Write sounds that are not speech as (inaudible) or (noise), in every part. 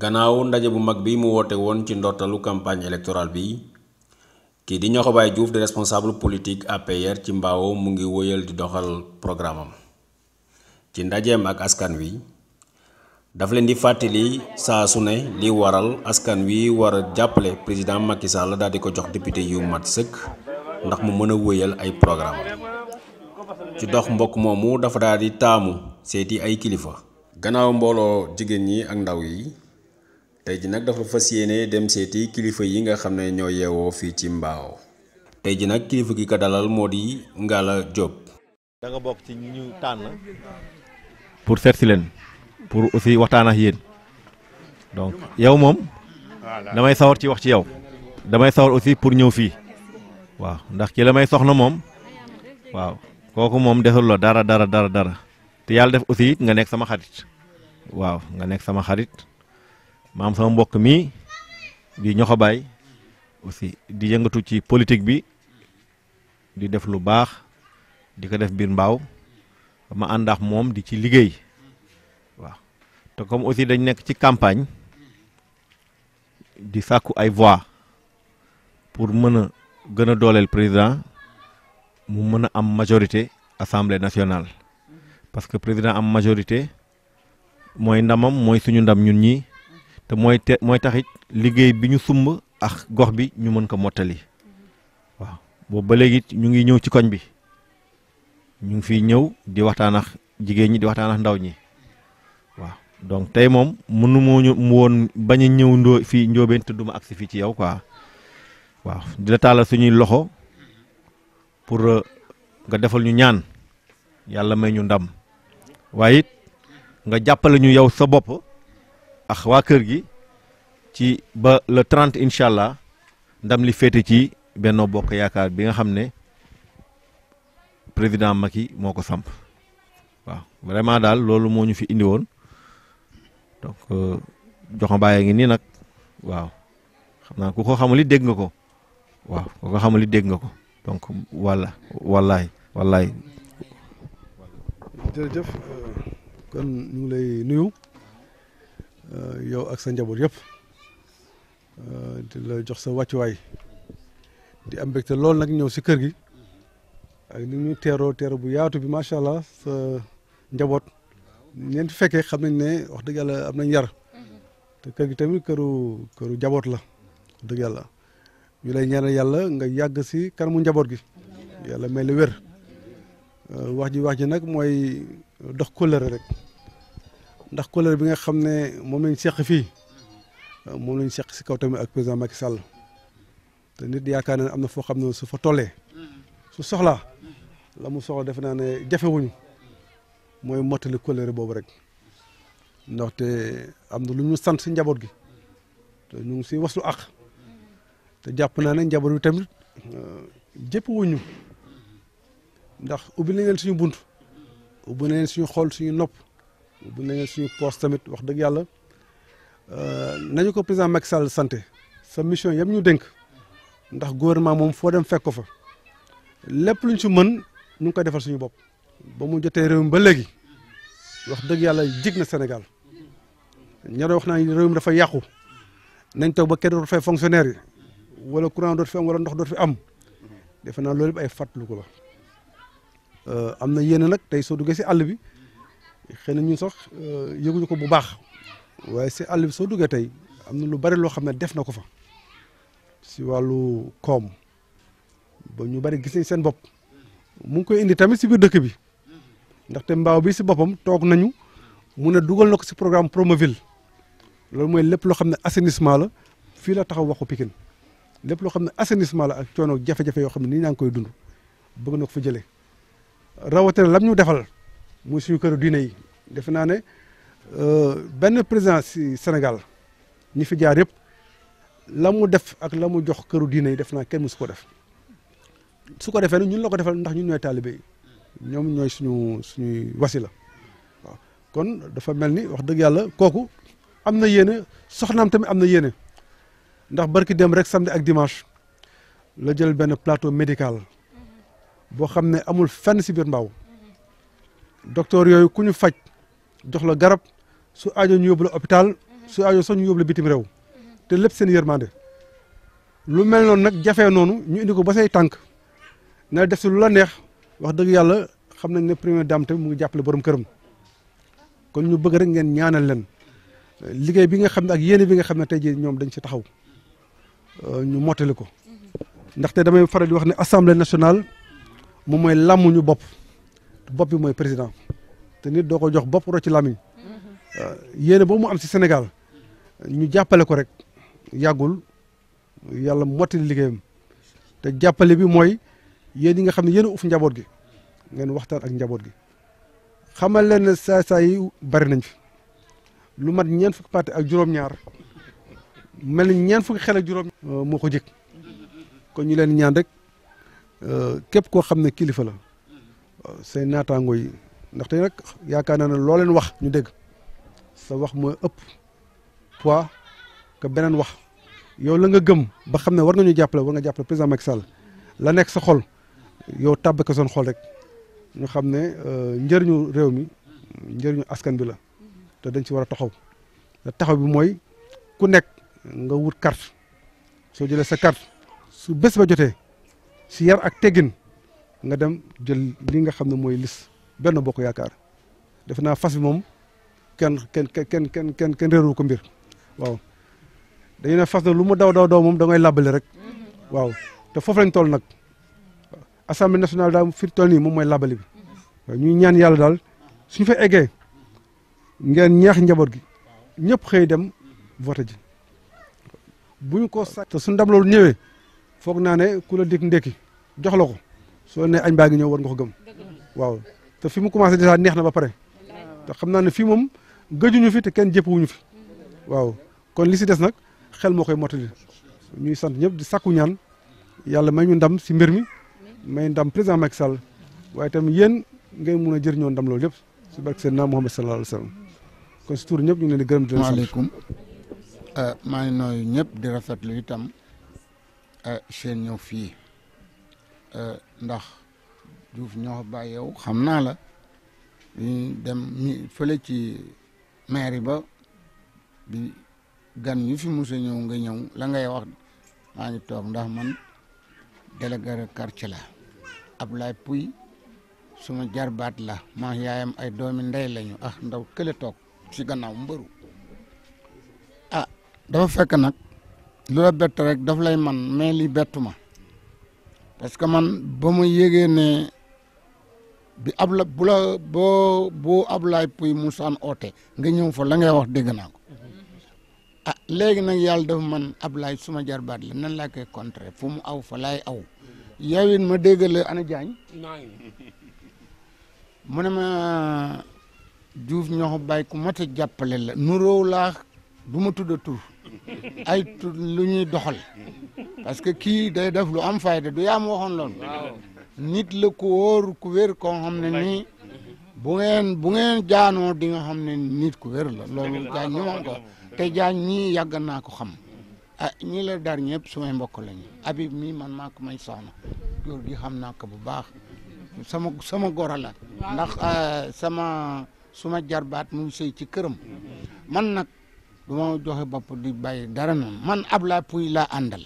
gannaaw ndaje bu mag bi mu wote won ci ndortalu campagne électorale bi ki di bay juuf de responsable politique APR ci mbaawu mu ngi woyal di doxal programme am ci ndaje mag askan wi daf leen di fàttali saa su li waral askan wi war a jàppale président Macky Sall daal di ko jox député yu mat sëkk ndax mu mën a wëyal ay programme ci dox mbokk moomu dafa daal di tamu seeti ay kilifa gannaaw mbooloo jigéen ñi ak ndaw yi tey ji nag dafa fas yéene dem seeti kilifa yi nga xam ne ñoo yeewoo fii ci Mbao tey ji nag kilifa gi ko dalal moo di Ngalla Diop. da ci ñu tànn. pour seet si leen pour aussi waxtaan ak yéen donc yow moom damay sawar ci wax ci yow damay sawar aussi pour ñëw fii waaw ndax ki la may soxna moom waaw kooku moom desul la dara dara dara dara te yàlla def aussi nga nekk sama xarit waaw nga nekk sama xarit. ma am sama mbokk mi di ñoxo baay aussi di yëngatu ci politique bi di def lu baax di ko def biir mbaaw ma ànd ak moom di ci liggéey waaw te comme aussi dañ nekk ci campagne di sakku ay voix pour mën a gën a dooleel président mu mën a am majorité assemblée nationale parce que président am majorité mooy ndamam mooy suñu ndam ñun ñi te mooy te mooy taxit liggéey bi ñu sumb ak gox bi ñu mën ko mottali waaw boobu ba léegi ñu ngi ñëw ci koñ bi ñu ngi fi ñëw di waxtaan ak jigéen ñi di waxtaan ak ndaw ñi waaw donc tey moom mënu moo ñu woon bañ a ñëw ndo fii njóobeen te duma agsi fii ci yow quoi waaw di la taalal suñuy loxo pour euh, nga defal ñu ñaan yàlla may ñu ndam waaye it nga jàppale ñu yow sa bopp ak waa kër gi ci ba le 30 incha allah ndam li féete ci benn Bokk Yaakaar bi nga xam ne président Macky moo ko samp waaw vraiment daal loolu moo ñu fi indi woon donc euh, joxa bàyyi ngi nii nag waaw xam naa ko ko xamul it dégg nga ko waaw ku ko xamul dégg nga ko donc walla wallaay wallaay euh, kon ñu ngi lay nuyu Euh, yow ak sa njaboot yëpp euh, di la jox sa wàccuwaay di am mbégte loolu nag ñëw si kër gi ak ni ñu teeroo teeroo bu yaatu bi macha allah sa njaboot ñeent fekkee xam nañ ne wax dëgg yàlla am nañ yar te kër gi tamit këru këru njaboot la dëgg yàlla ñu lay ñaanal yàlla nga yàgg si kanamu njaboot gi yàlla may la wér euh, wax ji wax ji nag mooy dox kóllëre rek. ndax kóllëre bi nga xam ne moom lañ seq fii moom lañ seq si kaw tamit ak président Macky Sall te nit yaakaar na am na foo xam ne su fo tollee su soxla la mu soxla defe naa ne jafewuñu mooy mottali kóllëre boobu rek ndaxte am na lu ñu sant si njaboot gi te ñu ngi si waslu àq te jàpp naa ne njaboot bi tamit euh, jëpp wuñu ndax ubbi nañ suñu bunt ubbi nañ suñu xool suñu nopp bu ñu suñu poste tamit wax dëgg yàlla euh, nañu ko président Macky Sall sant sa mission yëpp ñu denk ndax gouvernement moom foo dem fekk ko fa lépp luñ ci mën ñu ngi koy defal suñu bopp. ba mu jotee réew mi ba léegi wax dëgg yàlla jig na Sénégal ña wax naa réew mi dafa yàqu nañ toog ba kenn dootu fay fonctionnaire yi wala courant dootu fi am wala ndox dootu fi am defe naa loolu yëpp ay fàttaliku la euh, am na yéen nag tey soo duggee si àll bi. xëy na ñun sax euh, yëguñu ko bu baax waaye si àll bi soo duggee tey am na lu bari loo xam ne def na ko fa si wàllu koom ba ñu bari gisee seen bopp mu ngi koy indi tamit si biir dëkk bi ndaxte mbaaw bi si boppam toog nañu mun ne dugal na ko si programme Promoville loolu mooy lépp loo xam ne assainissement la fii la taxaw waxu Pikine lépp loo xam ne assainissement la ak coono jafe-jafe yoo xam ne nii ñaa ngi koy dund bëgg na ko fa jëlee rawatina lam ñu defal. muy suñu këru diine yi defe naa ne euh, benn président si Sénégal ñi fi jaar yëpp la mu def ak la mu jox këru diine yi def naa kenn musu ko def su ko defee nag ñun la ko defal ndax ñun ñooy taalibe ñoom ñooy suñu suñuy wasila waaw kon dafa mel ni wax dëgg yàlla kooku am na yéene soxnaam tamit am na yéene ndax barki dem rek samedi ak dimanche la jël benn plateau médical boo xam ne amul fenn si biir mbaaw docteur yooyu ku ñu faj jox la garab su aajo ñu yóbbu la hôpital su ajo sax ñu yóbbu la bitim réew te lépp seen yërmande lu mel noonu nag jafe noonu ñu indi ko ba say tànk na def si lu la neex wax dëgg yàlla xam nañ ne première dame tamit mu ngi jàppale borom këram kon ñu bëgg rek ngeen ñaanal leen liggéey bi nga xam ne ak yéene bi nga xam ne tey ji ñoom dañ ci taxaw euh, ñu mottali ko ndaxte damay faral di wax ne assemblée nationale moom mooy làmmuñu bopp. bopp bi mooy président te nit doo ko jox bopp ro ci lamiñ euh, yéene boobu mu am si Sénégal ñu jàppale ko rek yàggul yàlla mottali liggéeyam te jàppale bi mooy yéen yi nga xam ne yéen a njaboot gi ngeen waxtaan ak njaboot gi xamal leen ne saay saay yi bari nañ fi lu mat ñeent fukki parti ak juróom-ñaar mel ñeent fukki xel ak juróom euh, moo ko jëkk kon ñu leen ñaan rek euh, képp koo xam ne kilifa la seen naataango yi ndaxte nag yaakaar naa ne loo leen wax ñu dégg sa wax mooy ëpp poids que beneen wax yow la nga gëm ba xam ne war nga ñu jàppale war nga jàppale président Macky Sall la nekk sa xol yow tàbb ko xol rek ñu xam ne euh, njëriñu réew mi njëriñu askan bi la te dañ ci war a taxaw te taxaw bi mooy ku nekk nga wut kart soo jëlee sa kart su bés ba jotee si yar ak teggin nga dem jël li nga xamne moy mooy lis benn bokk yaakaar def na fas bi mom ken ken ken ken ken ken reeru ko mbir waaw dañu na fas na lu mu daw daw daw mom da ngay làbbali rek waaw te fofu lañ toll nak assemblée nationale da fi toll ni mom moy làbbali bi ñuy ñaan yalla dal suñu fa eggee ngeen ñeex njabot gi ñepp xey dem vote ji buñ ko sa te su dam loolu ñëwee fokk na né ku la dig ndékki jox lako soo ne añ baa ngi ñëw war nga ko gëm waaw te fi mu commencé déjà neex na ba pare te xam naa ne fii moom gëjuñu fi te kenn jëppuwuñu fi waaw kon li si des nag xel moo koy mottali ñuy sant ñëpp di sakku ñaan yàlla may ñu ndam si mbir mi may ndam président Macky Sall waaye tamit yéen ngeen mun a jëriñoo ndam loolu yëpp si barke Seydina Muhammad sallallahu alayhi wa sallam kon si tur ñëpp ñu ngi leen di gërëm di leen sant maaleykum maa ngi nooyu ñëpp di rafetlu itam seen ñëw fii Euh, ndax juuf ñoo bàyyi xam naa la dem mi fële ci mairie ba bi gan yu fi mos a ñëw nga ñëw la ngay wax maa ngi toog ndax man délégué quartier la Ablaye Pouy suma jarbaat la ma yaayam ay doomi ndey lañu ah ndaw kële toog ci gannaaw mbëru ah dafa fekk nag lu la bett rek daf lay man mais li bettu ma parce que man ba mu yégee ne bi abla bu la boo boo Ablaye Pouy Moussane oote nga ñëw fa la ngay wax dégg naa ko mm-hmm. ah léegi nag yàlla dafa man Ablaye suma jarbaat la nan laa koy contrer fu mu aw fa laay aw mm-hmm. yow it ma déggale ana jaañ (laughs) mu ne ma Diouf ñoxo bay ku mat a jàppale la nuroo laa du ma tudda tur (laughs) ay tur lu ñuy doxal parce que kii day def lu am fayda du yaa ma waxoon loolu nit la ku wóor ku wér ko xam ne nii bu ngeen jaanoo dinga nga xam ne nit ku wér la loolu jaan ñu te jaan ñii yàgg naa ko xam ah ñi la dar ñëpp sumay mbokk lañu Habib mii man maa ko may soxna góor gi xam naa ko bu baax sama sama goro la ndax ah, sama suma jarbaat mu sëy ci këram man nag du ma joxe bopp di bàyyi dara noonu man Ablaye Pouye laa àndal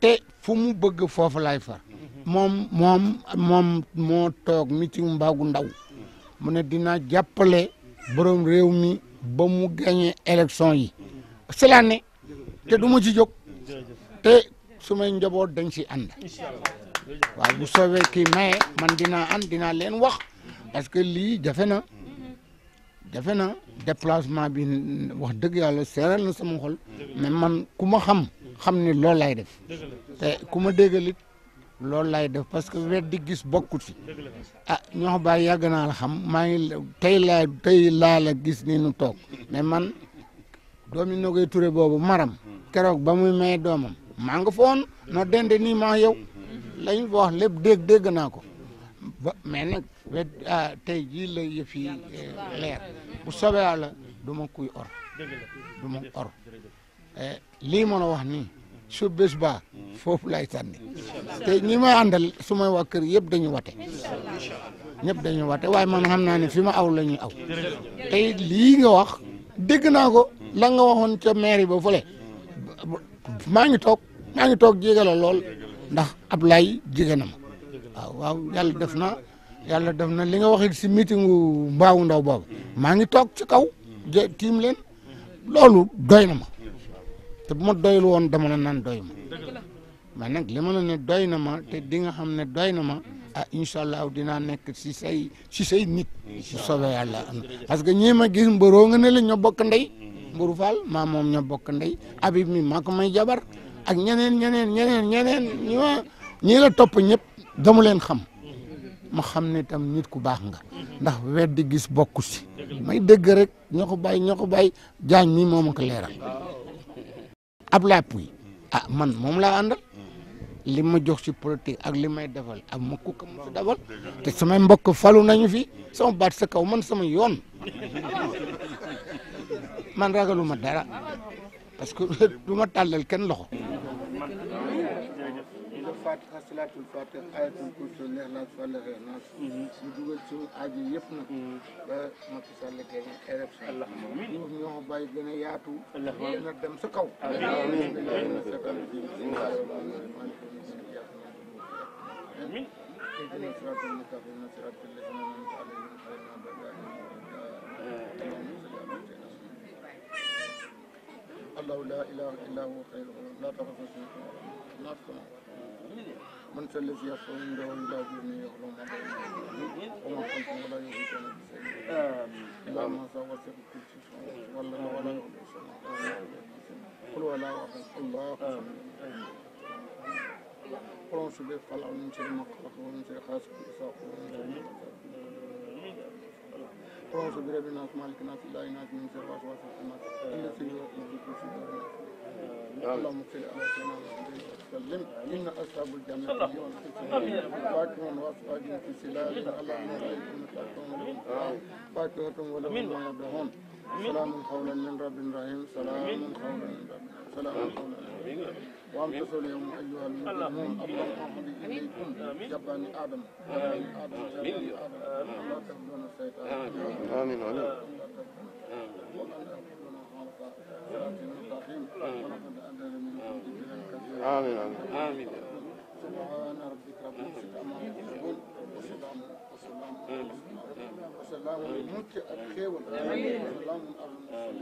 te fu mu bëgg foofu lay far moom moom moom moo toog meeting mbaagu ndaw mu ne dina jàppale borom réew mi ba mu gagné yi cela ne te duma ci jóg te su may njaboot dañ ci ànd waaw bu soobee kii maye man dinaa an dinaa leen wax parce que lii jafe na jafe na déplacement bi wax dëgg yàlla seeral na sama xol mais man ku ma xam xam ni loolu lay def te ku ma déggal it loolu def parce que weddi gis bokkut fi ah ñoo baay yàgg naa xam maa ngi tey laa tey laa la gis ni nu toog mais man doomi Nogay ture boobu maram keroog ba muy may doomam maa nga foon noo dende nii maa yow lañu wax lépp dégg dégg naa ko ba mais nag ah, tey jii la yëf yi eh, leer bu soobee yàlla du ma kuy or du ma or eh, lii mën a wax ni su bés baa foofu lay sànni te ñi may àndal sumay wax kër yëpp dañu wate ñëpp dañu wate waaye man xam naa ne fi ma aw la ñuy aw tey lii nga wax dégg naa ko la nga waxoon ca mairie ba fële maa ngi toog maa ngi toog jege lool ndax ab lay na ma waaw waaw yàlla na yàlla def na li nga waxit si meetingu mbaawu ndaw boobu maa ngi toog ci kaw tiim leen loolu doy na ma te bu ma doyul woon dama nan naan doy ma mais nag li ma ne doy na ma te di nga xam ne doy na ma ah incha allah dinaa nekk si say si say nit si soobee yàlla am parce que ñii ma gis mbëroo nga ne la ñoo bokk ndey mburu faal maa moom ñoo bokk ndey abib mi maa may jabar ak ñeneen ñeneen ñeneen ñeneen ñi la topp ñëpp damu leen xam ma xam ne tam nit ku baax nga ndax weddi gis bokku si may dëgg rek ñoo ko bàyyi ñoo jaañ mi moo ma ko leeral ab laa puy ah man moom laa àndal li ma jox ci politique ak li may defal ak ma ku ko ma defal te samay mbokk falu nañu fi sama baat sa kaw man sama yoon man ragaluma dara parce que (laughs) du ma tàllal kenn loxo fatiha salaatul fatiha ayatul kursi lexlaas falaxe naas ñu dugal suñu aajo yëpp nag mhm. ba Macky Sall gagne élection ñoom ñoo bàyyi gën a yaatu na dem sa kaw amiin الله لا اله الا هو خير لا تخصص نفسه من الذي يصوم عنده الا بما يظلم وما خلفه ولا يغيثون بشيء الا ما سوى كل شيء ولا ولا يغلم قل ولا واحد الله قل سبحان الله من شر ما خلق ومن شر حاسد اذا قل تواصل برب الناس مالك الناس لا يناس من شر وسواس الناس إلا سيروا في كل شيء اللهم صل على سيدنا محمد وسلم إن أصحاب الجنة اليوم فاكهون وأسواجهم في سلال اللهم عليكم تأكلون فاكهة ولهم ما يدعون salaamun qawlan min rabbin rahim salaamun qawlan min rabbin salaamun qawlan min rabbin وامتصوا اليوم ايها المؤمنون اللهم اليكم جبان ادم جبان ادم جبان ادم لا تخزون الشيطان امين امين آمين آمين آمين سبحان ربك رب العزة عما يصفون وسلام وسلام الله والملك الخير والأمان والأمان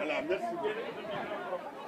المرسلين Thank